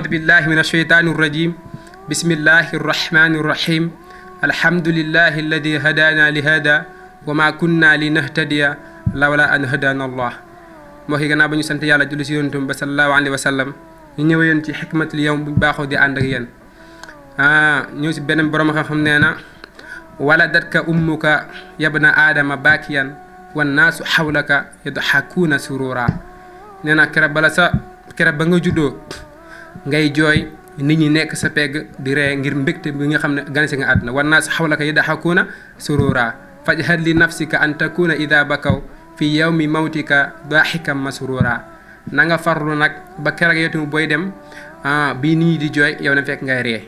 أعوذ بالله من الشيطان الرجيم بسم الله الرحمن الرحيم الحمد لله الذي هدانا لهذا وما كنا لنهتدي لولا أن هدانا الله موخي غنا بني سنت يالا جولي صلى الله عليه وسلم ني نيو يون تي حكمه اليوم باخو دي اندك يان اه نيو سي بنن بروم خا خمنا ولدتك امك يا ابن ادم باكيا والناس حولك يضحكون سرورا نينا كرب بلا سا كرب با جودو ngay Joy nit ñi nekk sa pegg di ree ngir mbégte bi nga xam ne gansi nga àdduna war naa xawlaka yi daxakuuna surura fajhad li nafsika an takuna ida bakaw fi yawmi mawtika daxikan masrura na nga farlu nag ba kerag yetu boy dem ah, bi nit ñi di joy yow na fekk ngay ree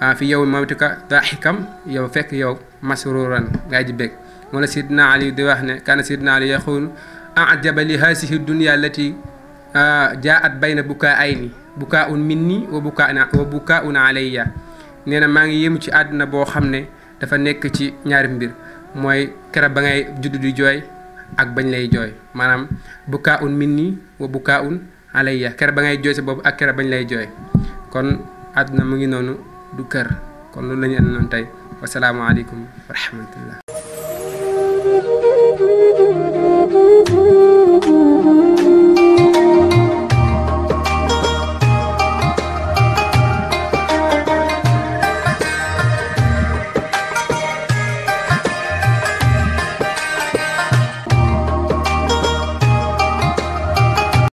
ah, fi yawmi mawtika daxikam yow fekk yow masruran ngay ji bég wala sidna ali di wax ne kana sidna ali yaxul ajaba li hasihi dunya allati ah, jaat bayna bukaa ayni bukaa un minni wa bukaa wa bukaa un alayya nee na maa ngi yéemu ci àdduna boo xam ne dafa nekk ci ñaari mbir mooy kera ba ngay judd di jooy ak bañ lay jooy maanaam bukaa un minni wa bukaa un alayya kera ba ngay jooy sa boobu ak kera bañ lay jooy kon àdduna mu ngi noonu du kër kon loolu la ñu noonu tey wasalaamualeykum wa rahmatullah